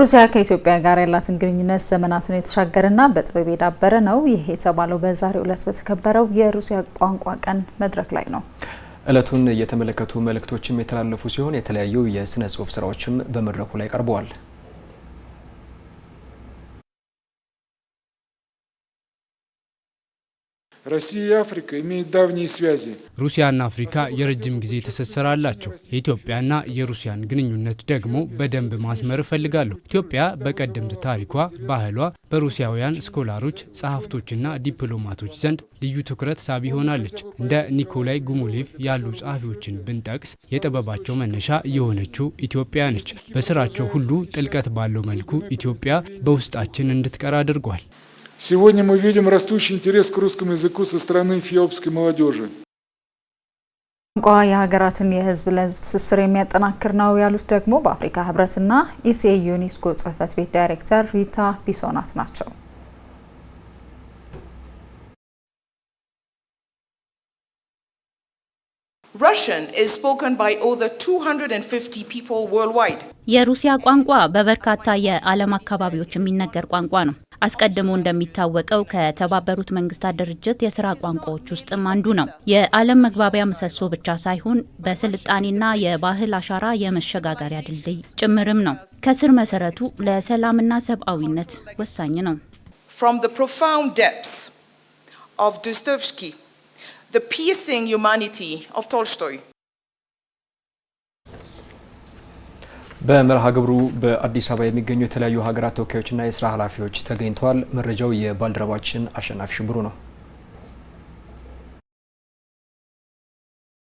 ሩሲያ ከኢትዮጵያ ጋር ያላትን ግንኙነት ዘመናትን የተሻገረና በጥበብ የዳበረ ነው። ይህ የተባለው በዛሬው ዕለት በተከበረው የሩሲያ ቋንቋ ቀን መድረክ ላይ ነው። ዕለቱን እየተመለከቱ መልእክቶችም የተላለፉ ሲሆን የተለያዩ የስነ ጽሁፍ ስራዎችም በመድረኩ ላይ ቀርበዋል። Россия и Африка имеют давние связи. ሩሲያና አፍሪካ የረጅም ጊዜ ትስስር አላቸው። የኢትዮጵያና የሩሲያን ግንኙነት ደግሞ በደንብ ማስመር እፈልጋለሁ። ኢትዮጵያ በቀደምት ታሪኳ፣ ባህሏ በሩሲያውያን ስኮላሮች፣ ጸሐፍቶችና ዲፕሎማቶች ዘንድ ልዩ ትኩረት ሳቢ ሆናለች። እንደ ኒኮላይ ጉሙሌቭ ያሉ ጸሐፊዎችን ብንጠቅስ የጥበባቸው መነሻ የሆነችው ኢትዮጵያ ነች። በስራቸው ሁሉ ጥልቀት ባለው መልኩ ኢትዮጵያ በውስጣችን እንድትቀር አድርጓል። Сегодня мы видим растущий интерес к русскому языку со стороны эфиопской молодежи. ቋንቋ የሀገራትን የህዝብ ለህዝብ ትስስር የሚያጠናክር ነው ያሉት ደግሞ በአፍሪካ ህብረትና ኢሲኤ ዩኒስኮ ጽህፈት ቤት ዳይሬክተር ሪታ ቢሶናት ናቸው። Russian is spoken by over 250 people worldwide. የሩሲያ ቋንቋ በበርካታ የዓለም አካባቢዎች የሚነገር ቋንቋ ነው። አስቀድሞ እንደሚታወቀው ከተባበሩት መንግስታት ድርጅት የስራ ቋንቋዎች ውስጥም አንዱ ነው። የዓለም መግባቢያ ምሰሶ ብቻ ሳይሆን በስልጣኔና የባህል አሻራ የመሸጋገሪያ ድልድይ ጭምርም ነው። ከስር መሰረቱ ለሰላምና ሰብአዊነት ወሳኝ ነው። From the profound depths of Dostoevsky, the piercing humanity of Tolstoy በመርሃ ግብሩ በአዲስ አበባ የሚገኙ የተለያዩ ሀገራት ተወካዮችና የስራ ኃላፊዎች ተገኝተዋል። መረጃው የባልደረባችን አሸናፊ ሽብሩ ነው።